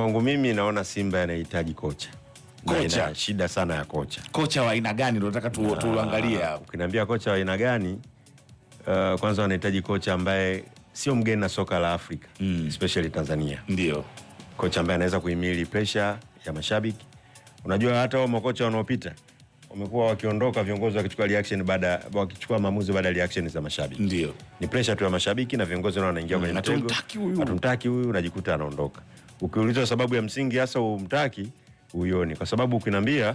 Kwangu mimi naona Simba anahitaji kocha. Kocha. Na shida sana ya kocha. Kocha wa aina gani ndio nataka tu, tuangalie hapo. Ukiniambia kocha wa aina gani, uh, kwanza wanahitaji kocha ambaye sio mgeni na soka la Afrika, mm. especially Tanzania. Ndio. Kocha ambaye anaweza kuhimili pressure ya mashabiki. Unajua hata wao makocha wanaopita wamekuwa wakiondoka viongozi wakichukua reaction baada wakichukua maamuzi baada ya reaction za mashabiki. Ndio. Ni pressure tu ya mashabiki na viongozi nao wanaingia hmm, kwenye mtego. Hatumtaki huyu. Hatumtaki huyu, unajikuta anaondoka ukiulizwa sababu ya msingi hasa umtaki uioni, kwa sababu ukinambia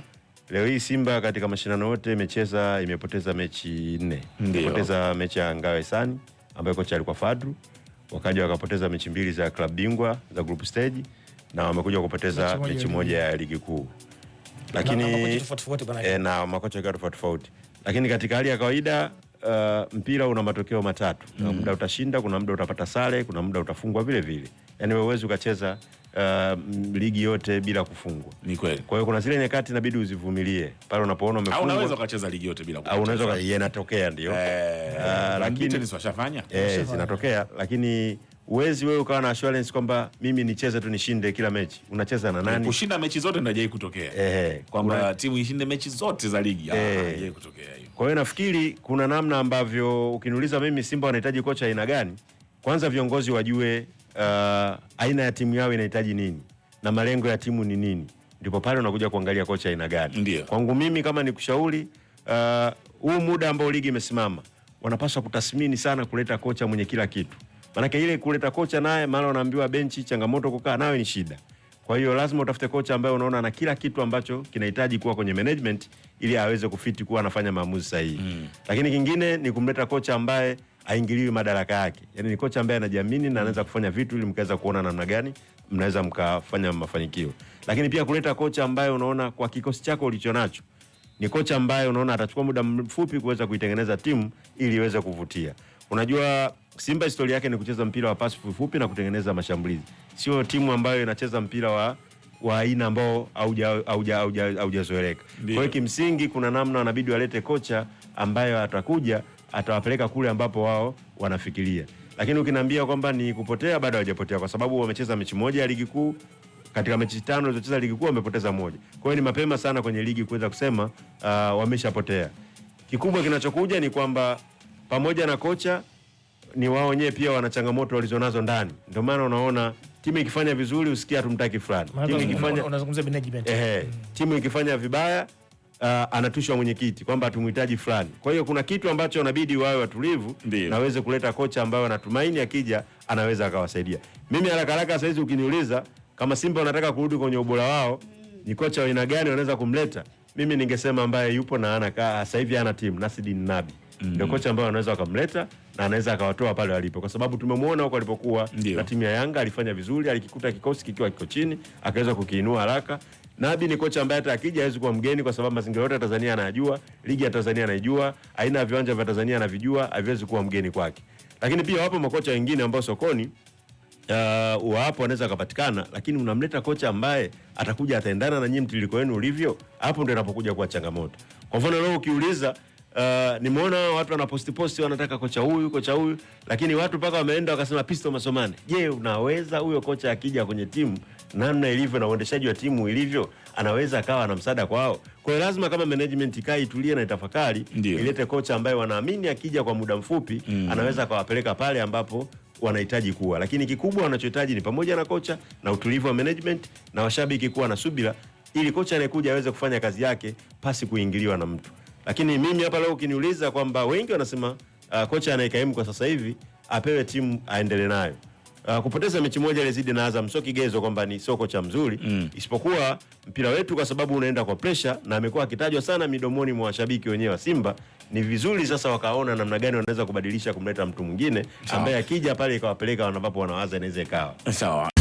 leo hii Simba katika mashindano yote imecheza imepoteza mechi nne. Imepoteza mechi ya Ngawe Sani ambayo kocha alikuwa Fadru, wakaja wakapoteza mechi mbili za klabu bingwa za group stage na wamekuja kupoteza mechi moja ya ligi kuu, lakini eh, na makocha kwa tofauti tofauti, lakini katika hali ya kawaida uh, mpira una matokeo matatu. Kuna mm. muda utashinda, kuna muda utapata sare, kuna muda utafungwa vile vile yani wewe huwezi ukacheza uh, ligi yote bila kufungwa. Ni kweli. Kwa hiyo kuna zile nyakati inabidi uzivumilie pale unapoona umefungwa. Au unaweza ukacheza ligi yote bila kufungwa. Au unaweza yanatokea ndio. Eh, uh, lakini ni washafanya. Eh, zinatokea lakini Uwezi wewe ukawa na assurance kwamba mimi nicheze tu nishinde kila mechi. Unacheza na nani? Kushinda mechi zote ndio haijawahi kutokea. Eh, kwamba timu ishinde mechi zote za ligi ah, eh, kutokea hiyo. Kwa hiyo nafikiri kuna namna ambavyo ukiniuliza mimi Simba wanahitaji kocha aina gani? Kwanza viongozi wajue uh, aina ya timu yao inahitaji nini na malengo ya timu ni nini, ndipo pale unakuja kuangalia kocha aina gani. kwangu mimi kama ni kushauri uh, huu uh, muda ambao ligi imesimama wanapaswa kutathmini sana kuleta kocha mwenye kila kitu, maanake ile kuleta kocha naye mara unaambiwa benchi, changamoto kukaa nayo ni shida. Kwa hiyo lazima utafute kocha ambaye unaona na kila kitu ambacho kinahitaji kuwa kwenye management ili aweze kufiti kuwa anafanya maamuzi sahihi. Mm. Lakini kingine ni kumleta kocha ambaye aingiliwi madaraka yake. Yani ni kocha ambaye anajiamini na anaweza kufanya vitu ili mkaweza kuona namna gani mnaweza mkafanya mafanikio, lakini pia kuleta kocha ambaye unaona kwa kikosi chako ulicho nacho ni kocha ambaye unaona atachukua muda mfupi kuweza kuitengeneza timu ili iweze kuvutia. Unajua Simba historia yake ni kucheza mpira wa pasi fupi na kutengeneza mashambulizi, sio timu ambayo inacheza mpira wa wa aina ambao haujazoeleka. Kwa hiyo kimsingi, kuna namna wanabidi walete kocha ambayo atakuja atawapeleka kule ambapo wao wanafikiria. Lakini ukiniambia kwamba ni kupotea, bado hawajapotea kwa sababu wamecheza mechi moja ya ligi kuu katika mechi tano walizocheza ligi kuu wamepoteza moja. Kwa hiyo ni mapema sana kwenye ligi kuweza kusema uh, wameshapotea. Kikubwa kinachokuja ni kwamba pamoja na kocha ni wao wenyewe pia wana changamoto walizonazo ndani. Ndio maana unaona timu ikifanya vizuri usikia tumtaki fulani. Timu ikifanya unazungumzia management. Eh, timu ikifanya vibaya uh, anatushwa mwenyekiti kwamba hatumhitaji fulani. Kwa hiyo kuna kitu ambacho inabidi wawe watulivu na waweze kuleta kocha ambayo anatumaini akija anaweza akawasaidia. Mimi haraka haraka hizi ukiniuliza kama Simba wanataka kurudi kwenye ubora wao, ni kocha wa aina gani wanaweza kumleta? Mimi ningesema ambaye yupo na ana sasa hivi ana timu Nasidi Nabi ndio mm -hmm. kocha ambaye wanaweza wakamleta na anaweza akawatoa pale walipo, kwa sababu tumemwona huko alipokuwa na timu ya Yanga alifanya vizuri, alikikuta kikosi kikiwa kiko chini akaweza kukiinua haraka. Nabi ni kocha ambaye hata akija hawezi kuwa mgeni, kwa sababu mazingira yote ya Tanzania anayajua, ligi ya Tanzania anaijua, aina ya viwanja vya Tanzania anavijua, haviwezi kuwa mgeni kwake. Lakini pia wapo makocha wengine ambao sokoni uh, wapo anaweza kupatikana, lakini unamleta kocha ambaye atakuja ataendana na nyinyi mtiliko wenu ulivyo, hapo ndio inapokuja kuwa changamoto. Kwa mfano leo ukiuliza Uh, nimeona watu wanaposti posti wanataka kocha huyu kocha huyu, lakini watu mpaka wameenda wakasema Pisto Masomane. Je, unaweza huyo kocha akija kwenye timu namna ilivyo na uendeshaji wa timu ilivyo, anaweza akawa na msaada kwao? Kwa hiyo lazima kama management ikae itulie na itafakari, ilete kocha ambaye wanaamini akija kwa muda mfupi mm, anaweza akawapeleka pale ambapo wanahitaji kuwa, lakini kikubwa wanachohitaji ni pamoja na kocha na utulivu wa management na washabiki kuwa na subira, ili kocha anayekuja aweze kufanya kazi yake pasi kuingiliwa na mtu. Lakini mimi hapa leo ukiniuliza kwamba wengi wanasema uh, kocha anayekaimu kwa sasa hivi apewe timu aendelee nayo. Uh, kupoteza mechi moja ilizidi na Azam sio kigezo kwamba ni sio kocha mzuri mm. Isipokuwa mpira wetu kwa sababu unaenda kwa pressure na amekuwa akitajwa sana midomoni mwa washabiki wenyewe wa Simba. Ni vizuri sasa wakaona namna gani wanaweza kubadilisha kumleta mtu mwingine ambaye akija pale ikawapeleka wanapapo wanawaza inaweza ikawa sawa.